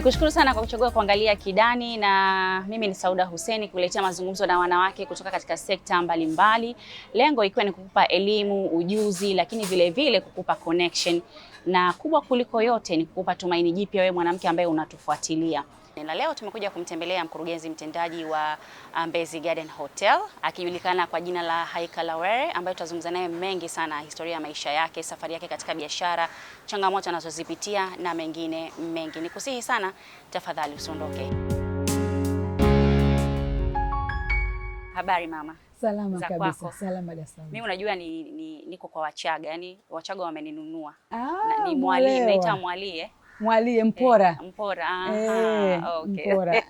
Nikushukuru sana kwa kuchagua kuangalia Kidani na mimi ni Sauda Huseni kuletea mazungumzo na wanawake kutoka katika sekta mbalimbali mbali. Lengo ikiwa ni kukupa elimu, ujuzi lakini vile vile kukupa connection na kubwa kuliko yote ni kukupa tumaini jipya wewe mwanamke ambaye unatufuatilia. Company na leo tumekuja kumtembelea mkurugenzi mtendaji wa uh, Mbezi Garden Hotel akijulikana kwa jina la Haika Lawere ambaye tutazungumza naye mengi sana, historia ya maisha yake, safari yake katika biashara, changamoto anazozipitia na mengine mengi. Nikusihi sana tafadhali usiondoke. Habari mama? Salama kabisa, salama da sana. Mimi unajua ni, ni, niko kwa Wachaga, yani Wachaga wameninunua. Ah, ni mwali, naita mwali eh? mwalie mpora Eh, mpora. Eh, okay. Mpora.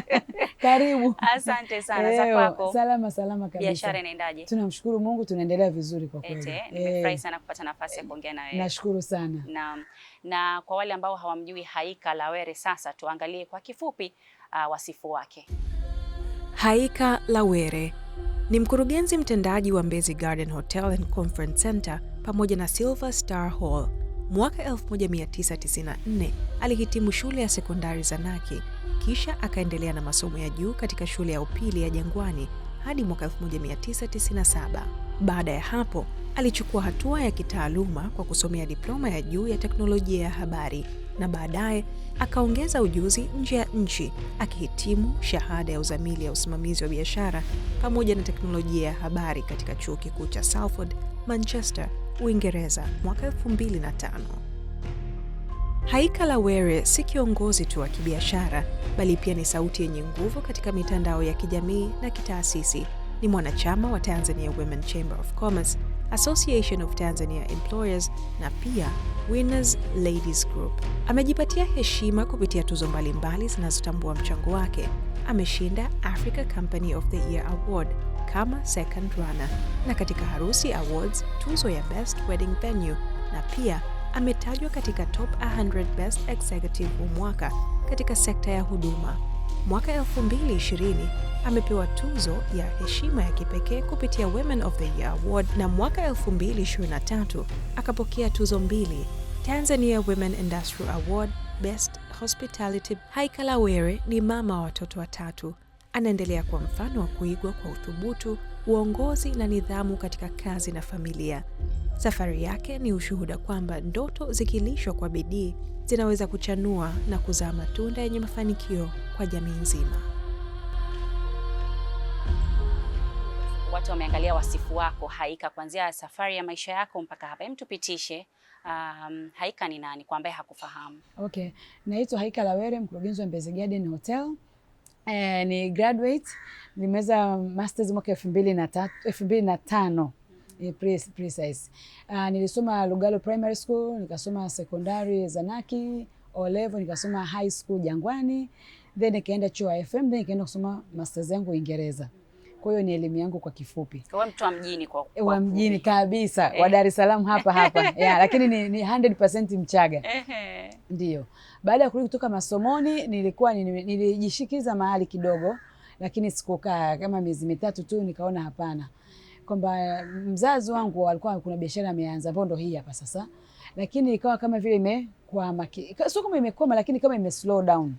Karibu, asante sana eh, za kwako. Salama salama kabisa. Biashara inaendaje? Tunamshukuru Mungu, tunaendelea vizuri kwa kweli. Eh. Nimefurahi e, sana kupata nafasi ya kuongea na wewe. Nashukuru sana. Naam. Na kwa wale ambao hawamjui Haika Lawere, sasa tuangalie kwa kifupi uh, wasifu wake. Haika Lawere ni mkurugenzi mtendaji wa Mbezi Garden Hotel and Conference Center pamoja na Silver Star Hall Mwaka 1994 alihitimu shule ya sekondari Zanaki, kisha akaendelea na masomo ya juu katika shule ya upili ya Jangwani hadi mwaka 1997. Baada ya hapo alichukua hatua ya kitaaluma kwa kusomea diploma ya juu ya teknolojia ya habari na baadaye akaongeza ujuzi nje ya nchi akihitimu shahada ya uzamili ya usimamizi wa biashara pamoja na teknolojia ya habari katika chuo kikuu cha Salford, Manchester Uingereza mwaka 2005. la Were si kiongozi tu wa kibiashara bali pia ni sauti yenye nguvu katika mitandao ya kijamii na kitaasisi. Ni mwanachama wa Tanzania Women Chamber of Commerce, Association of Tanzania Employers na pia Winners Ladies Group. Amejipatia heshima kupitia tuzo mbalimbali zinazotambua mchango wake. Ameshinda Africa Company of the Year Award kama second runner na katika Harusi Awards tuzo ya Best Wedding Venue na pia ametajwa katika top 100 best executive wa mwaka katika sekta ya huduma. Mwaka 2020 amepewa tuzo ya heshima ya kipekee kupitia Women of the Year Award na mwaka 2023 akapokea tuzo mbili, Tanzania Women Industrial Award Best Hospitality. Haikala Were ni mama wa watoto watatu anaendelea kwa mfano wa kuigwa kwa uthubutu, uongozi na nidhamu katika kazi na familia. Safari yake ni ushuhuda kwamba ndoto zikilishwa kwa bidii zinaweza kuchanua na kuzaa matunda yenye mafanikio kwa jamii nzima. Watu wameangalia wasifu wako Haika, kuanzia safari ya maisha yako mpaka hapa. Hem, tupitishe um, Haika ni nani kwa ambaye hakufahamu? Okay, naitwa Haika Lawere, mkurugenzi wa Mbezi Garden Hotel eh, ni graduate nimeweza masters mwaka elfu mbili na tatu elfu mbili na tano eh, precise. Uh, nilisoma Lugalo Primary School, nikasoma secondary Zanaki, O level nikasoma high school Jangwani, then nikaenda chuo FM, then nikaenda kusoma masters yangu Uingereza. Kwa hiyo ni elimu yangu kwa kifupi. Kwa mtu wa mjini kwa, kwa eh, wa mjini kabisa eh, wa Dar es Salaam hapa hapa. Yeah, lakini ni, ni 100% Mchaga. Ndiyo. Baada ya kurudi kutoka masomoni, nilikuwa nilijishikiza mahali kidogo, lakini sikukaa kama miezi mitatu tu, nikaona hapana, kwamba mm, mzazi wangu alikuwa kuna biashara ameanza ambayo ndo hii hapa sasa, lakini ikawa kama vile imekwama, sio kama imekoma, lakini kama ime slow down.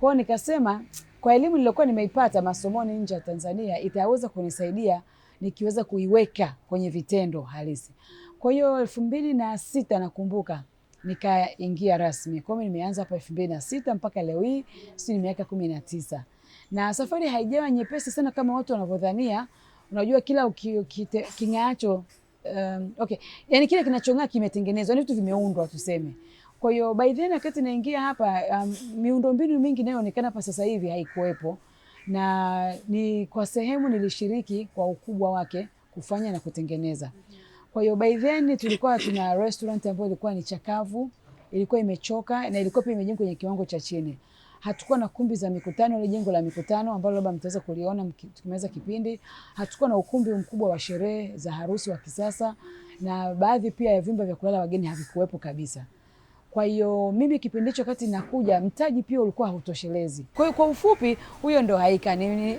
kwao. nikasema kwa elimu niliyokuwa nimeipata masomoni nje ya Tanzania itaweza kunisaidia nikiweza kuiweka kwenye vitendo halisi. Kwa hiyo elfu mbili na sita nakumbuka nikaingia rasmi. Kwa hiyo nimeanza hapa elfu mbili na sita mpaka leo hii sisi ni miaka kumi na tisa na safari haijawa nyepesi sana kama watu wanavyodhania. Unajua kila king'aacho um, okay. Yani kile kinachong'aa kimetengenezwa, ni vitu vimeundwa tuseme. Kwa hiyo by then wakati naingia hapa um, miundombinu mingi inayoonekana hapa sasa hivi haikuwepo, na ni kwa sehemu nilishiriki kwa ukubwa wake kufanya na kutengeneza. mm -hmm. Kwa hiyo by then tulikuwa tuna restaurant ambayo ilikuwa ni chakavu, ilikuwa imechoka na ilikuwa pia imejengwa kwenye kiwango cha chini. Hatukuwa na kumbi za mikutano, ile jengo la mikutano ambalo labda mtaweza kuliona tukimaliza kipindi. Hatukuwa na ukumbi mkubwa wa sherehe za harusi wa kisasa, na baadhi pia ya vyumba vya kulala wageni havikuwepo kabisa. Kwa hiyo mimi kipindi hicho kati nakuja, mtaji pia ulikuwa hautoshelezi. Kwa hiyo kwa ufupi, huyo ndo Haika ni, ni,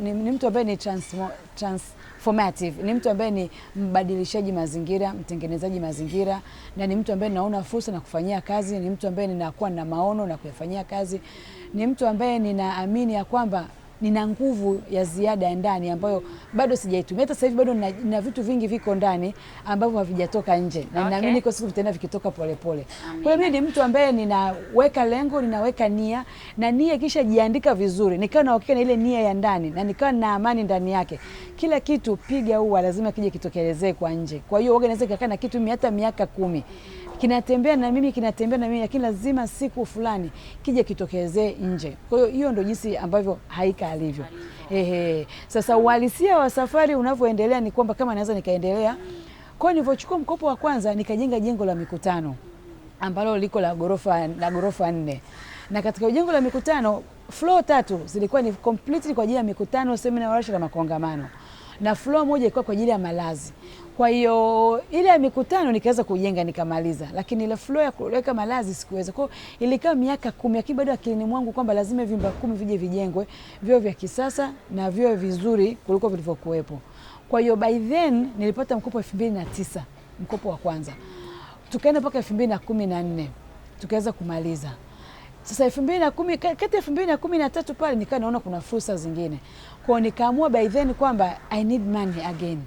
ni, ni mtu ambaye ni trans, transformative, ni mtu ambaye ni mbadilishaji mazingira, mtengenezaji mazingira, na ni mtu ambaye naona fursa na kufanyia kazi, ni mtu ambaye ninakuwa na maono na kuyafanyia kazi, ni mtu ambaye ninaamini ya kwamba nina nguvu ya ziada ya ndani ambayo bado sijaitumia. Hata sasa hivi bado nina, vitu vingi viko ndani ambavyo havijatoka nje, na ninaamini okay, kwa siku vitaenda vikitoka polepole. Kwa hiyo mimi ni mtu ambaye ninaweka lengo, ninaweka nia na nia kisha jiandika vizuri, nikawa na uhakika na ile nia ya ndani na nikawa na amani ndani yake. Kila kitu piga huwa lazima kije kitokelezee kwa nje. Kwa hiyo waga naweza kukaa na kitu mimi hata miaka kumi kinatembea na mimi kinatembea na mimi, lakini lazima siku fulani kije kitokeze nje. Kwa hiyo hiyo ndio jinsi ambavyo Haika alivyo. Ehe, sasa uhalisia wa safari unavyoendelea ni kwamba kama naweza nikaendelea kwa nilivyochukua mkopo wa kwanza nikajenga jengo la mikutano ambalo liko la gorofa la gorofa nne, na katika jengo la mikutano floor tatu zilikuwa ni completely kwa ajili ya mikutano, semina, warsha na makongamano, na floor moja ilikuwa kwa ajili ya malazi. Kwa hiyo ile ya mikutano nikaweza kujenga nikamaliza, lakini ile flow ya kuweka malazi sikuweza. Kwa hiyo ilikaa miaka kumi, lakini bado akilini mwangu kwamba lazima vyumba kumi vije vijengwe, vyo vya kisasa na vyo vizuri kuliko vilivyokuwepo. Kwa hiyo by then nilipata mkopo elfu mbili na tisa mkopo wa kwanza, tukaenda mpaka elfu mbili na kumi na nne tukaweza kumaliza. Sasa elfu mbili na kumi kati elfu mbili na kumi na tatu pale nikaa naona kuna fursa zingine kwao, nikaamua by then kwamba I need money again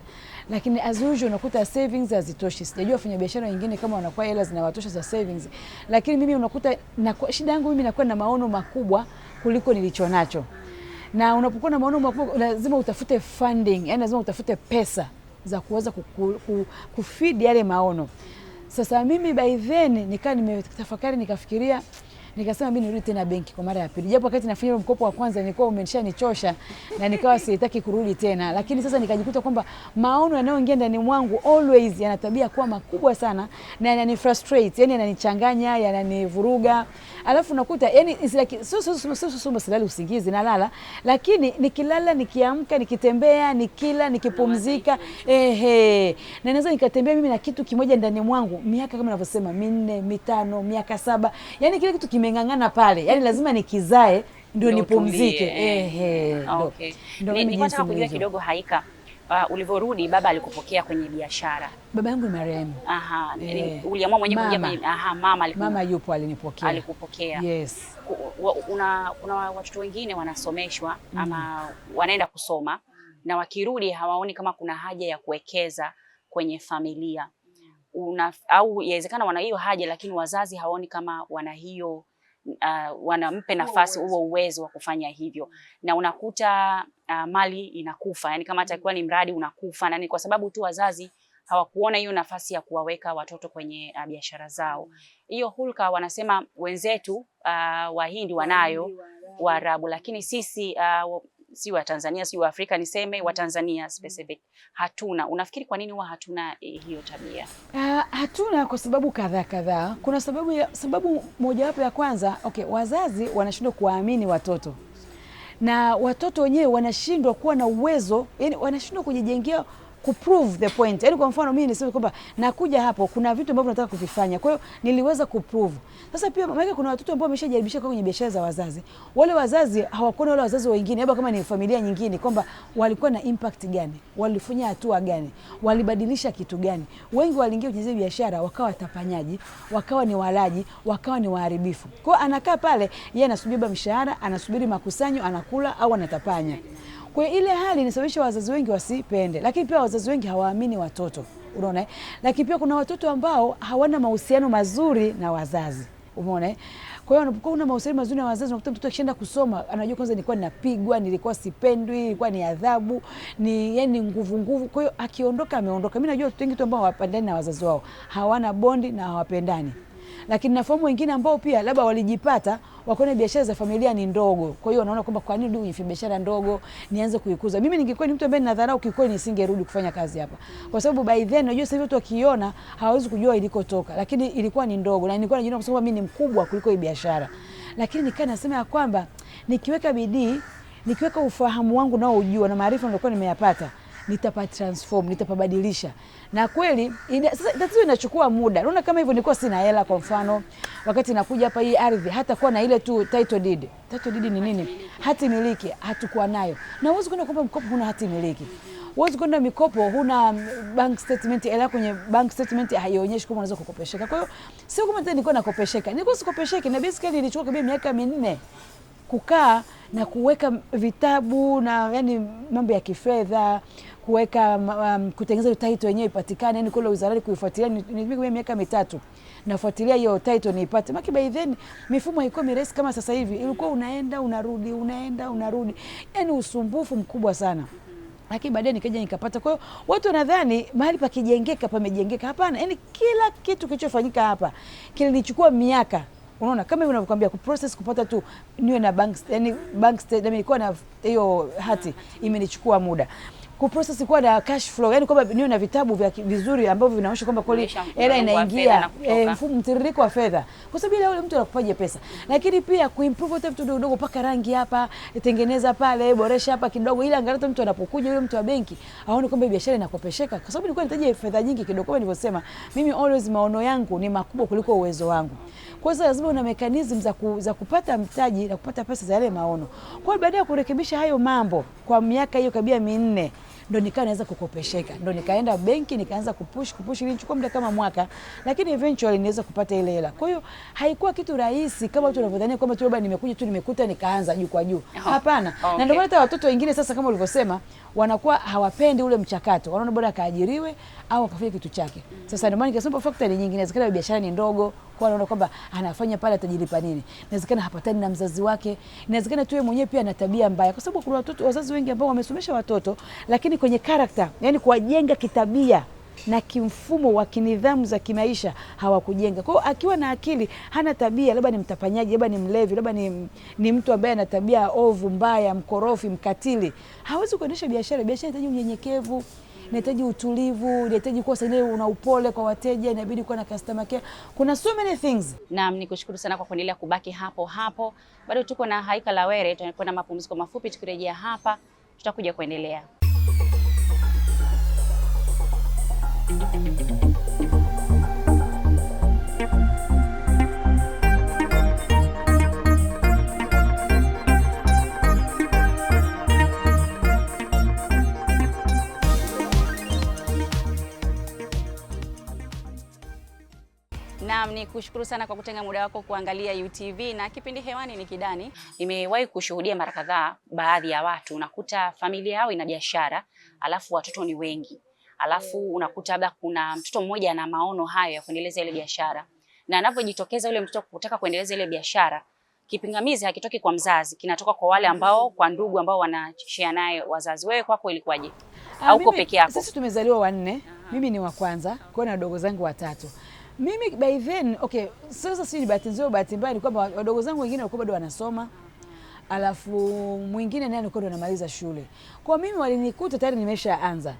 lakini as usual unakuta savings hazitoshi. Sijajua wafanya biashara wengine kama wanakuwa hela zinawatosha za savings, lakini mimi unakuta na shida yangu mimi nakuwa na maono makubwa kuliko nilicho nacho, na unapokuwa na maono makubwa lazima utafute funding, yani lazima utafute pesa za kuweza kufidi yale maono. Sasa mimi by then nikaa nimetafakari nikafikiria Nikasema mimi nirudi tena benki kwa mara ya pili, japo wakati nafanya mkopo wa kwanza nilikuwa umeshanichosha na nikawa sitaki kurudi tena, lakini sasa nikajikuta kwamba maono yanayoingia ndani mwangu always yana tabia kuwa makubwa sana na yanani frustrate, yani yananichanganya, yananivuruga, alafu nakuta yani sio sio sio sio sio silali usingizi, nalala, lakini nikilala, nikiamka, nikitembea, nikila, nikipumzika, ehe, na naweza nikatembea mimi na kitu kimoja ndani mwangu miaka kama ninavyosema minne, mitano, miaka saba, yani kile kitu kimeng'ang'ana pale, yani lazima nikizae ndio nipumzike. Ehe, ah, kidogo Haika. Uh, ulivyorudi baba alikupokea kwenye biashara? Baba yangu ni marehemu. Aha, yeah. uliamua mwenyewe kuja Aha, mama alikuwa mama yupo alinipokea. Alikupokea. Yes. Kuna kuna watoto wengine wanasomeshwa mm. ama wanaenda kusoma na wakirudi hawaoni kama kuna haja ya kuwekeza kwenye familia una, au yawezekana wana hiyo haja lakini wazazi hawaoni kama wana hiyo uh, ah, wanampe nafasi huo uwezo wa kufanya hivyo, mm. na unakuta uh, mali inakufa, yani kama atakuwa mm. ni mradi unakufa, na ni kwa sababu tu wazazi hawakuona hiyo nafasi ya kuwaweka watoto kwenye uh, biashara zao. Mm. Hiyo hulka wanasema wenzetu uh, Wahindi wanayo, Waarabu, lakini sisi uh, si wa Tanzania si wa Afrika niseme wa mm-hmm. Tanzania mm-hmm. specific, hatuna. Unafikiri kwa nini huwa hatuna eh, hiyo tabia? Uh, hatuna kwa sababu kadhaa kadhaa. Kuna sababu ya, sababu mojawapo ya kwanza okay, wazazi wanashindwa kuwaamini watoto na watoto wenyewe wanashindwa kuwa na uwezo, yani wanashindwa kujijengea kuprove the point. Yaani kwa mfano mimi niseme kwamba nakuja hapo kuna vitu ambavyo nataka kuvifanya. Kwa hiyo niliweza kuprove. Sasa pia maana kuna watoto ambao wameshajaribisha kwenye biashara za wazazi. Wale wazazi hawakuona wale wazazi wengine, labda kama ni familia nyingine kwamba walikuwa na impact gani? Walifanya hatua gani? Walibadilisha kitu gani? Wengi waliingia kwenye biashara wakawa tapanyaji, wakawa ni walaji, wakawa ni waharibifu. Kwa hiyo anakaa pale yeye anasubiri mshahara, anasubiri makusanyo, anakula au anatapanya. Kwa hiyo ile hali inasababisha wazazi wengi wasipende, lakini pia wazazi wengi hawaamini watoto, unaona. Lakini pia kuna watoto ambao hawana mahusiano mazuri na wazazi, umeona. Kwa hiyo unapokuwa una mahusiano mazuri na wazazi, unakuta mtoto akishaenda kusoma anajua kwanza, nilikuwa ninapigwa, nilikuwa sipendwi, ilikuwa ni adhabu, ni yani nguvu nguvu. Kwa hiyo akiondoka, ameondoka. Mimi najua watoto wengi tu ambao hawapendani na wazazi wao, hawana bondi na hawapendani lakini na fahamu wengine ambao pia labda walijipata wakaona biashara za familia ni ndogo, kwa hiyo wanaona kwamba kwa nini nifanye biashara ndogo nianze kuikuza. Mimi ningekuwa ni mtu ambaye ninadharau, kikweli, nisingerudi kufanya kazi hapa, kwa sababu by then unajua sasa hivi watu wakiona hawawezi kujua ilikotoka, lakini ilikuwa ni ndogo na nilikuwa najiona kwamba mimi ni mkubwa kuliko hii biashara, lakini nikaa nasema ya kwamba nikiweka bidii, nikiweka ufahamu wangu nao ujua na maarifa nilikuwa nimeyapata nitapa transform, nitapabadilisha. Na kweli sasa tatizo inachukua muda. Unaona kama hivyo nilikuwa sina hela kwa mfano, wakati nakuja hapa hii ardhi hata kuwa na ile tu title deed. Title deed ni nini? Hati miliki hatukuwa nayo. Na uwezi kwenda kuomba mkopo huna hati miliki. Uwezi kwenda mikopo huna bank statement, hela kwenye bank statement haionyeshi kama unaweza kukopesheka. Kwa hiyo sio kama tena nilikuwa nakopesheka. Nilikuwa sikopesheki na basically nilichukua kabisa miaka minne kukaa na kuweka vitabu na yani mambo ya kifedha kuweka um, kutengeneza title yenyewe ipatikane, yani kule wizarani kuifuatilia. Nitumia miaka mitatu nafuatilia hiyo title niipate, maki by then mifumo haikuwa mirahisi kama sasa hivi, ilikuwa unaenda unarudi, unaenda unarudi, yani usumbufu mkubwa sana lakini baadaye nikaja nikapata. Kwa hiyo watu wanadhani mahali pakijengeka pamejengeka, hapana. Yani kila kitu kilichofanyika hapa kilinichukua miaka, unaona kama hivi unavyokwambia kuprocess, kupata tu niwe na bank, yani bank statement, nilikuwa na hiyo hati, imenichukua muda kuprocess kuwa na cash flow, yani kwamba niwe na vitabu vya vizuri ambavyo vinaonyesha kwamba kweli hela inaingia, eh, mfumo mtiririko wa fedha, kwa sababu ile yule mtu anakupaje pesa. Lakini pia kuimprove hata vitu vidogo, paka rangi hapa, tengeneza pale, boresha hapa kidogo, ili angalau mtu anapokuja yule mtu wa benki aone kwamba biashara inakopesheka, kwa sababu nilikuwa nahitaji fedha nyingi kidogo. Kama nilivyosema, mimi always maono yangu ni makubwa kuliko uwezo wangu, kwa hiyo lazima una mechanism za, ku, za kupata mtaji na kupata pesa za yale maono. Kwa hiyo baada ya kurekebisha hayo mambo kwa miaka hiyo kabia minne ndo nikawa naweza kukopesheka, ndo nikaenda benki nikaanza kupush kupush, ilichukua muda kama mwaka, lakini eventually niweza kupata ile hela. Kwa hiyo haikuwa kitu rahisi kama watu wanavyodhania kwamba tu labda nimekuja tu nimekuta nikaanza juu kwa juu, hapana. Okay. Na ndio maana hata watoto wengine sasa, kama ulivyosema, wanakuwa hawapendi ule mchakato, wanaona bora kaajiriwe au akafanya kitu chake. Sasa ndio maana nikasema ni nyingi inawezekana biashara ni ndogo, kwa anaona kwamba anafanya pale atajilipa nini. Inawezekana hapatani na mzazi wake, inawezekana tu yeye mwenyewe pia ana tabia mbaya, kwa sababu kuna watoto wazazi wengi ambao wamesomesha watoto lakini kwenye character, yani kuwajenga kitabia na kimfumo wa kinidhamu za kimaisha hawakujenga. Kwa hiyo akiwa na akili hana tabia, labda ni mtapanyaji, labda ni mlevi, labda ni, ni mtu ambaye ana tabia ovu mbaya, mkorofi, mkatili, hawezi kuendesha biashara. Biashara inahitaji unyenyekevu inahitaji utulivu, inahitaji kuwa saingine una upole kwa wateja, inabidi kuwa na customer care. Kuna so many things. Naam, nikushukuru sana kwa kuendelea kubaki hapo hapo. Bado tuko na Haika Lawere, tunakuwa na mapumziko mafupi, tukirejea hapa tutakuja kuendelea Naam, ni kushukuru sana kwa kutenga muda wako kuangalia UTV na kipindi hewani ni Kidani. Nimewahi kushuhudia mara kadhaa, baadhi ya watu unakuta familia yao ina biashara alafu watoto ni wengi, alafu unakuta labda kuna mtoto mmoja ana maono hayo ya kuendeleza ile biashara, na anapojitokeza yule mtoto kutaka kuendeleza ile biashara, kipingamizi hakitoki kwa mzazi, kinatoka kwa wale ambao, kwa ndugu ambao wanashia naye wazazi. Wewe kwako ilikuwaje? Ah, Au uko peke yako? Sisi tumezaliwa wanne, mimi ni wa kwanza, kwa na wadogo zangu watatu mimi by then okay, sasa si bahati nzuri, bahati mbaya ni kwamba wadogo zangu wengine walikuwa bado wanasoma, alafu mwingine naye alikuwa ndo anamaliza shule. Kwa mimi walinikuta tayari nimeshaanza.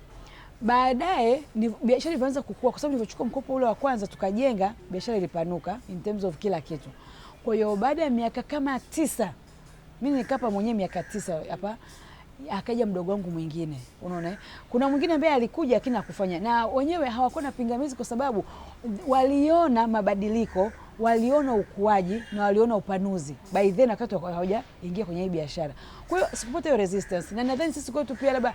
Baadaye biashara ilianza kukua kwa sababu nilipochukua mkopo ule wa kwanza tukajenga, biashara ilipanuka in terms of kila kitu. Kwa hiyo baada ya miaka kama tisa mimi nikapa mwenyewe miaka tisa hapa akaja mdogo wangu mwingine, unaona kuna mwingine ambaye alikuja lakini hakufanya, na wenyewe hawakuwa na pingamizi kwa sababu waliona mabadiliko, waliona ukuaji na waliona upanuzi. By then wakati hawajaingia kwenye hii biashara, kwa hiyo sikupata hiyo resistance, na nadhani sisi kwetu pia labda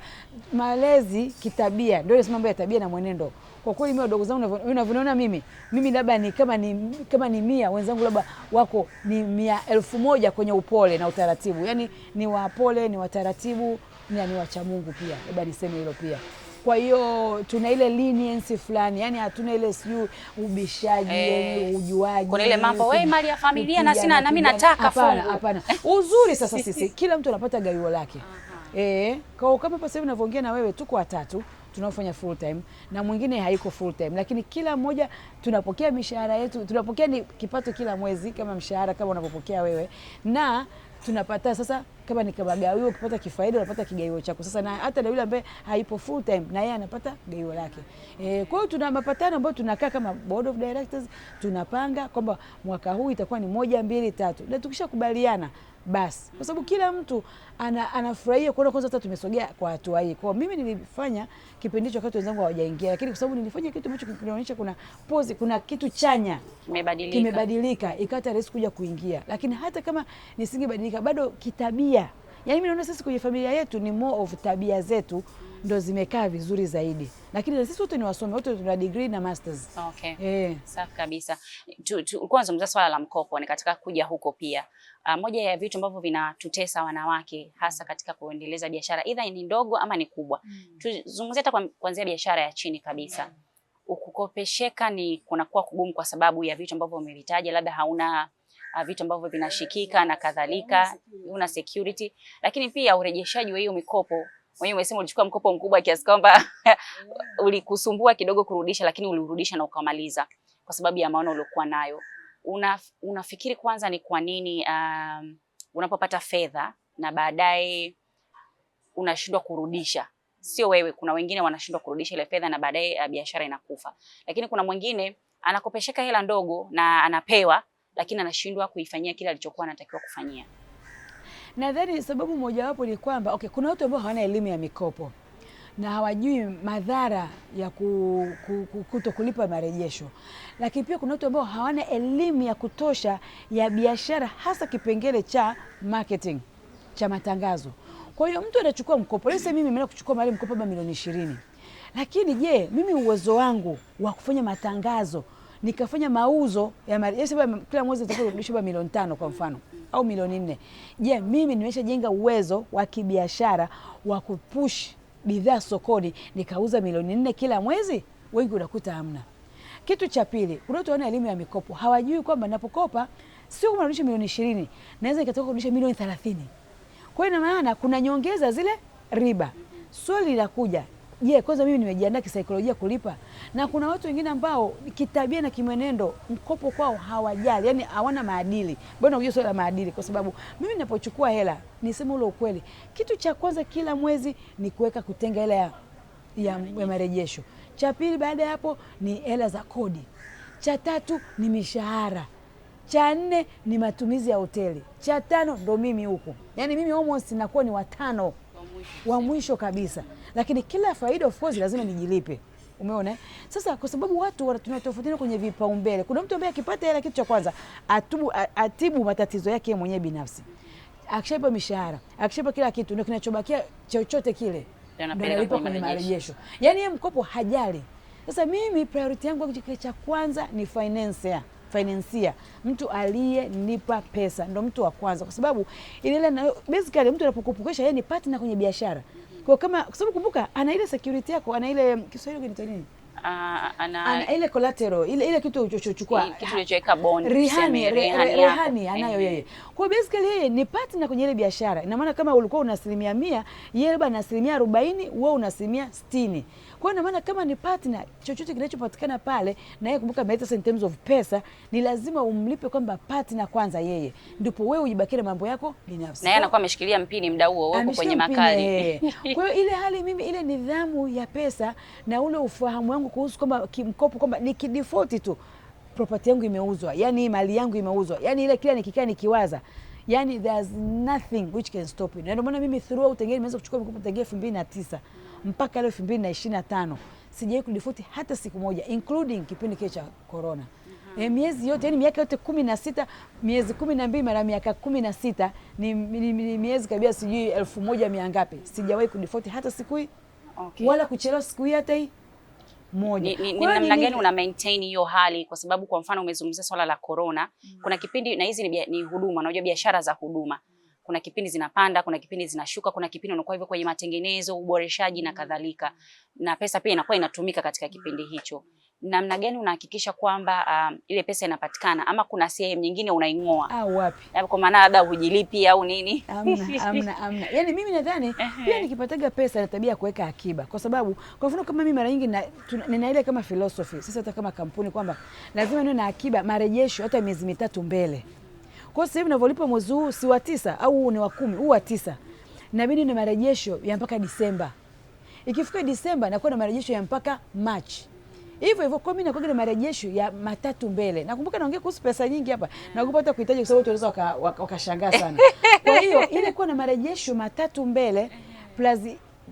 malezi kitabia, ndio ile mambo ya tabia na mwenendo kwa kweli mimi wadogo zangu unavyoniona mimi mimi labda ni kama ni kama ni mia wenzangu labda wako ni mia elfu moja kwenye upole na utaratibu, yani ni wapole, ni wataratibu na ni wachamungu pia, labda niseme hilo pia. Kwa hiyo tuna ile leniency fulani, yani hatuna ile sijui ubishaji hey, eh, yaani ujuaji kuna ile mambo wewe mali ya familia na sina na mimi nataka. fungu. hapana uzuri sasa sisi kila mtu anapata gawio lake eh, kwa kama hivi ninavyoongea na wewe tuko watatu tunaofanya full time na mwingine haiko full time, lakini kila mmoja tunapokea mishahara yetu, tunapokea ni kipato kila mwezi kama mshahara kama unapopokea wewe, na tunapata sasa kama ni kimagaio, ukipata kifaida unapata kigaio chako. Sasa na hata na yule ambaye haipo full time, na yeye anapata gaio lake. E, kwa hiyo tuna mapatano ambayo tunakaa kama board of directors, tunapanga kwamba mwaka huu itakuwa ni moja mbili tatu, na tukishakubaliana basi kwa sababu kila mtu ana, anafurahia kuona kwanza hata tumesogea kwa hatua hii. Kwa mimi nilifanya kipindi hicho wakati wenzangu hawajaingia, lakini kwa sababu nilifanya kitu ambacho kinaonyesha kuna pozi, kuna kitu chanya kimebadilika, kimebadilika ikata rahisi kuja kuingia, lakini hata kama nisingebadilika bado kitabia tabia. Yaani mimi naona sisi kwenye familia yetu ni more of tabia zetu ndo zimekaa vizuri zaidi, lakini sisi wote ni wasomi, wote tuna degree na masters. Okay. Eh. Safi kabisa. Ulikuwa unazungumzia swala la mkopo, katika kuja huko pia. Uh, moja ya vitu ambavyo vinatutesa wanawake hasa katika kuendeleza biashara idha ni ndogo ama ni kubwa. Mm. Tuzungumzie hata kuanzia biashara ya chini kabisa. Mm. Ukukopesheka ni kunakuwa kugumu kwa sababu ya vitu ambavyo umevitaja, labda hauna uh, vitu ambavyo vinashikika na kadhalika, una security, lakini pia urejeshaji wa hiyo mikopo mwenyewe umesema ulichukua mkopo mkubwa kiasi kwamba ulikusumbua kidogo kurudisha, lakini ulirudisha na ukamaliza kwa sababu ya maono uliokuwa nayo. Una, unafikiri kwanza ni kwa nini um, unapopata fedha na baadaye unashindwa kurudisha? Sio wewe, kuna wengine wanashindwa kurudisha ile fedha na baadaye uh, biashara inakufa, lakini kuna mwingine anakopesheka hela ndogo na anapewa lakini anashindwa kuifanyia kile alichokuwa anatakiwa kufanyia. Nadhani sababu mojawapo ni kwamba okay, kuna watu ambao hawana elimu ya mikopo na hawajui madhara ya ku, ku, ku, kuto kulipa marejesho, lakini pia kuna watu ambao hawana elimu ya kutosha ya biashara, hasa kipengele cha marketing cha matangazo. Kwa hiyo mtu anachukua mkopo lese, mimi nimeenda kuchukua mali mkopo ba milioni ishirini, lakini je, mimi uwezo wangu wa kufanya matangazo nikafanya mauzo ya mali yaani kila mwezi takurudishwa milioni tano kwa mfano au milioni nne. Je, yeah, mimi nimeshajenga uwezo wa kibiashara wa kupush bidhaa sokoni nikauza milioni nne kila mwezi? Wengi unakuta hamna. Kitu cha pili, wana elimu ya mikopo hawajui kwamba napokopa sio kama narudisha milioni ishirini, naweza nikatoka kurudisha milioni thelathini. Kwa hiyo ina maana kuna nyongeza zile riba. Swali linakuja, je, kwanza mimi nimejiandaa kisaikolojia kulipa? Na kuna watu wengine ambao kitabia na kimwenendo mkopo kwao hawajali, yani hawana maadili. Bwana unajua swala la maadili, kwa sababu mimi ninapochukua hela niseme ule ukweli, kitu cha kwanza kila mwezi ni kuweka kutenga hela ya, ya, ya marejesho. Cha pili baada ya hapo ni hela za kodi. Cha tatu ni mishahara cha nne ni matumizi ya hoteli, cha tano ndo mimi huko, yaani mimi almost nakuwa ni watano wa mwisho kabisa lakini kila faida of course lazima nijilipe. Umeona sasa, kwa sababu watu wanatumia tunatofautiana kwenye vipaumbele. Kuna mtu ambaye akipata hela, kitu cha kwanza atubu, atibu matatizo yake mwenyewe binafsi, Akishapa mishahara, akishapa kila kitu, ndio kinachobakia chochote kile analipa kwenye marejesho, yaani yeye mkopo hajali. Sasa mimi priority yangu cha kwanza ni financier financia mtu nipa pesa ndo mtu wa kwanza, kwa sababu ile basically mtu anapokupokesha yeye ni partner kwenye biashara. Kwa kama kwa sababu kumbuka ana ile security yako, ana ile Kiswahili kinaitwa nini? Uh, ana, ana ile collateral ile ile kitu uchochochukua kitu kilichoweka bond Rihani Rihani anayo eh. yeye. Kwa basically yeye ni partner kwenye ile biashara. Ina maana kama ulikuwa una asilimia mia, yeye labda ana asilimia arobaini, wewe una asilimia sitini. Kwa hiyo maana kama ni partner, chochote kinachopatikana pale na yeye, kumbuka in terms of pesa, ni lazima umlipe kwamba partner kwanza yeye, ndipo wewe ujibakie na mambo yako binafsi, na yeye anakuwa ameshikilia mpini mda huo wako kwenye makali. Eh, eh. Kwa hiyo ile hali mimi, ile nidhamu ya pesa na ule ufahamu wangu kuhusu kwamba kimkopo, kwamba ni kidefault tu property yangu imeuzwa, yani mali yangu imeuzwa, yani ile kila nikikaa nikiwaza yani there's nothing which can stop it. Na ndio maana mimi throughout tengeni nimeweza kuchukua mikopo tengine 2009 mpaka leo 2025 sijawahi kulifuti hata siku moja, including kipindi kile cha corona. E, miezi yote yani miaka yote 16, miezi 12 mara miaka 16 ni, sita ni, ni, ni miezi kabisa sijui elfu moja mia ngapi, sijawahi kudefault hata siku hii okay, wala kuchelewa siku hii hata hii moja. Ni, ni, ni namna gani una maintain hiyo hali? Kwa sababu kwa mfano umezungumzia swala la corona, Mm. kuna kipindi na hizi ni, ni huduma, unajua biashara za huduma Mm kuna kipindi zinapanda, kuna kipindi zinashuka, kuna kipindi unakuwa hivyo kwenye matengenezo, uboreshaji na mm. kadhalika, na pesa pia inakuwa inatumika katika kipindi mm. hicho. Namna gani unahakikisha kwamba uh, ile pesa inapatikana ama kuna sehemu nyingine unaing'oa? au wapi? Kwa maana labda hujilipi au nini? Amna, amna, amna. Yani mimi nadhani pia nikipataga pesa na tabia kuweka akiba, kwa sababu kwa mfano kama mimi mara nyingi nina ile kama philosophy sasa, hata kama kampuni kwamba lazima niwe na akiba marejesho hata miezi mitatu mbele kwa hiyo sasa hivi ninavyolipa mwezi huu si wa tisa au huu ni wa kumi, huu wa tisa, Inabidi ni marejesho ya mpaka Disemba. Ikifika Disemba nakuwa na marejesho ya mpaka Machi hivyo hivyo. Kwa mimi nakuwa na marejesho ya matatu mbele. Nakumbuka naongea kuhusu pesa nyingi hapa, nakupa hata kuhitaji kwa sababu tunaweza wakashangaa waka sana. Kwa hiyo ile kuwa na marejesho matatu mbele plus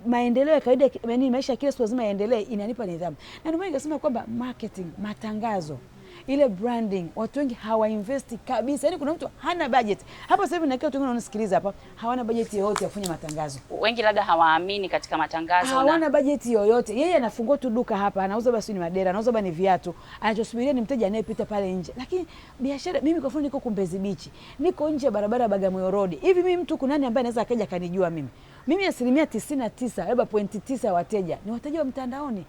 maendeleo ya kawaida, yaani maisha ya kila siku lazima yaendelee, inanipa nidhamu, na ndio maana nikasema kwamba marketing, matangazo ile branding watu wengi hawainvesti kabisa, Yani kuna mtu hana budget hapa sasa hivi, na kila watu wengi wanasikiliza hapa hawana budget yoyote ya kufanya matangazo. Wengi labda hawaamini katika matangazo, hawana budget yoyote. Yeye anafungua tu duka hapa, anauza basi ni madera, anauza basi ni viatu, anachosubiria ni mteja anayepita pale nje. Lakini biashara, mimi kwa mfano, niko Kumbezi Beach, niko nje ya barabara ya Bagamoyo Road hivi, mimi mtu kunani ambaye anaweza akaja akanijua mimi? Mimi asilimia tisini labda pointi ya wateja ni wateja wa mtandaoni.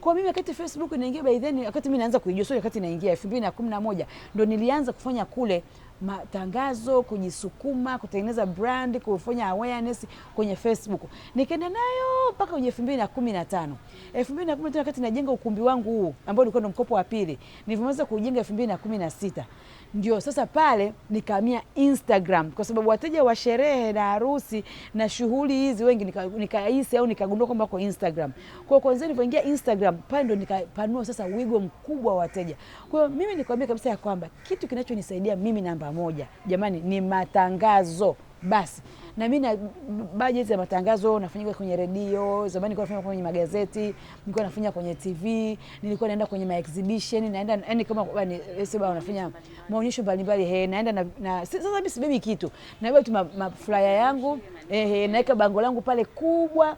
Kwa mimi wakati Facebook inaingia by then, wakati mimi naanza kuijua, sio wakati inaingia 2011 ndo nilianza kufanya kule matangazo, kujisukuma, kutengeneza brand, kufanya awareness kwenye Facebook. Nikaenda nayo mpaka kwenye 2015. 2015 wakati najenga ukumbi wangu huu ambao ulikuwa ndo mkopo wa pili. Nilivyoweza kujenga 2016. Ndio sasa pale nikahamia Instagram, kwa sababu wateja wa sherehe na harusi na shughuli hizi wengi nikahisi nika au nikagundua kwamba kwa Instagram. Kwa hiyo kwanza nilipoingia Instagram pale ndo nikapanua sasa wigo mkubwa wa wateja. Kwa hiyo mimi nikwambia kabisa ya kwamba kitu kinachonisaidia mimi namba moja, jamani, ni matangazo basi na mimi na bajeti ya matangazo nafanyika kwenye redio. Zamani nilikuwa nafanya kwenye magazeti, nilikuwa nafanya kwenye TV, nilikuwa naenda kwenye exhibition, naenda yani kama yani sasa nafanya maonyesho mbalimbali eh naenda na, na sasa mimi sibebi kitu, nabeba tu flyer yangu eh, naweka bango langu pale kubwa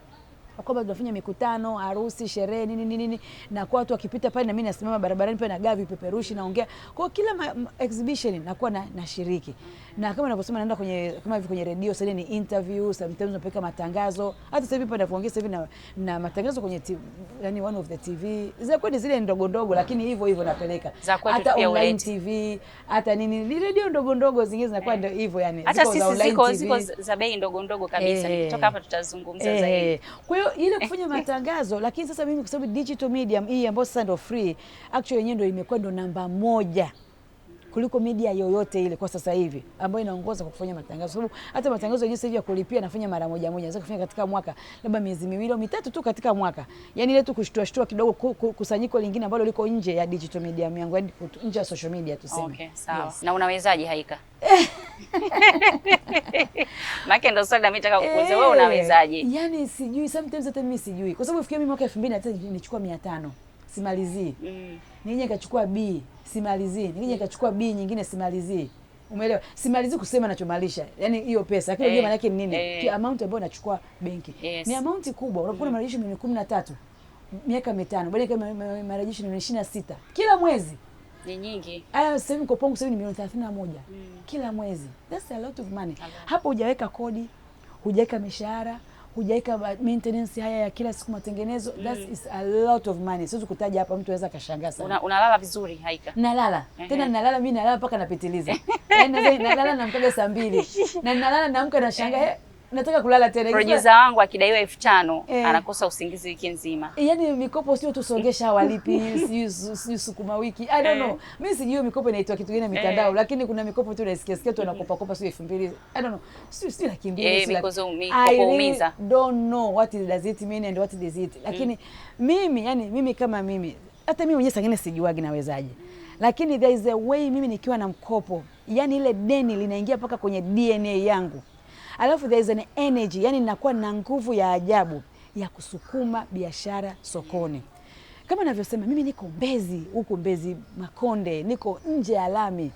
kwamba tunafanya mikutano, harusi, sherehe, nini nini nini, na kwa watu wakipita pale, na mimi nasimama barabarani pale, nagawa vipeperushi, naongea kwa kila ma, ma, exhibition nakuwa na, na nashiriki na kama navyosema naenda kwenye kama hivi kwenye redio sasa ni interview, sometimes unapeka matangazo, hata sasa hivi pa nakuongea sasa hivi na, na matangazo kwenye TV, yani one of the TV za kweli zile ndogo ndogo, lakini hivyo hivyo napeleka hata online TV hata nini, ni redio ndogo ndogo zingine zinakuwa eh. ndio hivyo yani, hata sisi ziko ziko za bei ndogo ndogo kabisa. Nikitoka eh. hapa tutazungumza eh. zaidi. Kwa hiyo ile kufanya matangazo, lakini sasa mimi kwa sababu digital medium hii ambayo sasa ndio free actually yenyewe ndio imekuwa ndio namba moja kuliko media yoyote ile kwa sasa hivi ambayo inaongoza kwa kufanya matangazo, sababu hata matangazo yenyewe sasa hivi ya kulipia nafanya mara moja moja, naweza kufanya katika mwaka labda miezi miwili au mitatu tu katika mwaka, yani ile tu kushtua shtua kidogo, kusanyiko lingine ambalo liko nje ya digital media yangu, yani nje ya social media tuseme. Okay, sawa. Yes. Na unawezaje Haika? Maki ndo swali nami nataka kukuuliza wewe, eh, unawezaje? Yani sijui, sometimes hata mimi sijui, kwa sababu ifikia mimi mwaka 2000 hata nilichukua 500 simalizii mm. Nyingine ikachukua B simalizii, nyingine ikachukua B nyingine simalizii. Umeelewa? Simalizi kusema nachomalisha. Yaani hiyo pesa. Lakini hey, eh. maana yake ni nini? Hey. Eh. Ki amount ambayo nachukua benki. Yes. Ni amount kubwa. Unakuwa na mm. marejesho milioni 13 miaka mitano. Baada ya marejesho milioni 26 kila mwezi. Ni nyingi. Ah, sasa hivi kopongo sasa ni milioni 31 mm. kila mwezi. That's a lot of money. Hapo hujaweka kodi, hujaweka mishahara, hujaweka maintenance haya ya kila siku matengenezo mm. that is a lot of money. Siwezi kutaja hapa, mtu anaweza kashangaa sana. Una, unalala vizuri Haika? Nalala tena nalala, mimi nalala mpaka napitiliza, yaani nalala namkaga saa mbili na nalala naamka nashangaa nataka kulala tena. Producer wangu akidaiwa elfu tano eh, anakosa usingizi wiki nzima. Eh, yaani mikopo sio tusongesha walipi sijui sukuma wiki. I don't eh. know. Eh. Mimi sijui mikopo inaitwa kitu gani mitandao, eh, lakini kuna mikopo tu unasikia sikia tu anakopa kopa sio 2000. I don't know. Sio sio laki mbili eh, sio umiza. I really don't know what does it mean and what does it. Lakini mm, mimi yani mimi kama mimi hata mimi mwenyewe sangine sijuagi nawezaje. Lakini there is a way mimi nikiwa na mkopo, yani ile deni linaingia mpaka kwenye DNA yangu alafu there is an energy, yani ninakuwa na nguvu ya ajabu ya kusukuma biashara sokoni. Kama navyosema mimi niko Mbezi huku Mbezi Makonde, niko nje ya lami,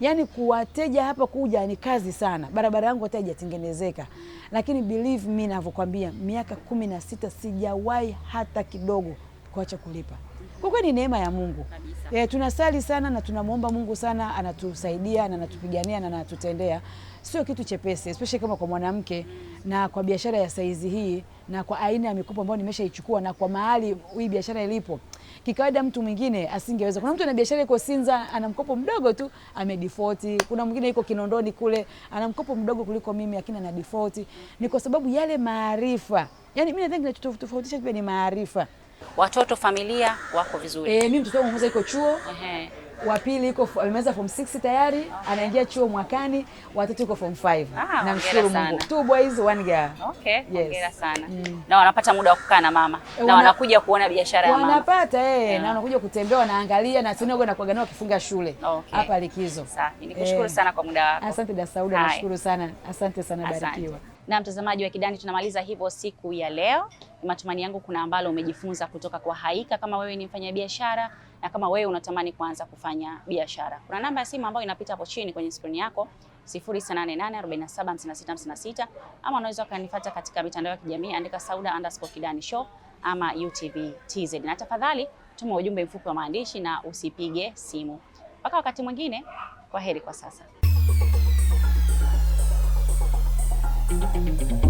yani kuwateja hapa kuja ni kazi sana, barabara yangu hata haijatengenezeka. Lakini believe me navyokwambia, miaka kumi na sita sijawahi hata kidogo kuacha kulipa. Kwa kweli ni neema ya Mungu. E, tunasali sana na tunamwomba Mungu sana, anatusaidia na anatupigania na anatutendea sio kitu chepesi, especially kama kwa mwanamke na kwa biashara ya saizi hii na kwa aina ya mikopo ambayo nimeshaichukua na kwa mahali hii biashara ilipo, kikawaida mtu mwingine asingeweza. Kuna mtu ana biashara iko Sinza, ana mkopo mdogo tu default. Kuna mwingine iko Kinondoni kule, ana mkopo mdogo kuliko mimi, lakini ana default. Ni kwa sababu yale maarifa, yani mimi nadhani kinachotofautisha pia ni maarifa. Watoto, familia wako vizuri. Eh, mimi mtoto wangu iko chuo. Ehe wa pili yuko amemaliza form 6 tayari, Anaingia chuo mwakani, wa tatu yuko form 5. Ah, namshukuru Mungu. Two boys one girl. Okay, hongera yes. sana mm. Na wanapata muda wa kukaa na mama e, na wanakuja kuona biashara ya mama wanapata eh, yeah. Na wanakuja kutembea wanaangalia na tunaoga na kuagana wakifunga shule hapa okay. Likizo. Safi, nikushukuru e. sana kwa muda wako. Asante da Sauda, nashukuru sana asante sana, barikiwa. Na mtazamaji wa Kidani, tunamaliza hivyo siku ya leo. Ni matumaini yangu kuna ambalo umejifunza kutoka kwa Haika, kama wewe ni mfanyabiashara na kama wewe unatamani kuanza kufanya biashara. Kuna namba ya simu ambayo inapita hapo chini kwenye skrini yako 0988475656 ama unaweza ukanifuata katika mitandao ya kijamii, andika Kidani show ama UTV TZ, na tafadhali tuma ujumbe mfupi wa maandishi na usipige simu. Mpaka wakati mwingine, kwa heri kwa sasa. thank you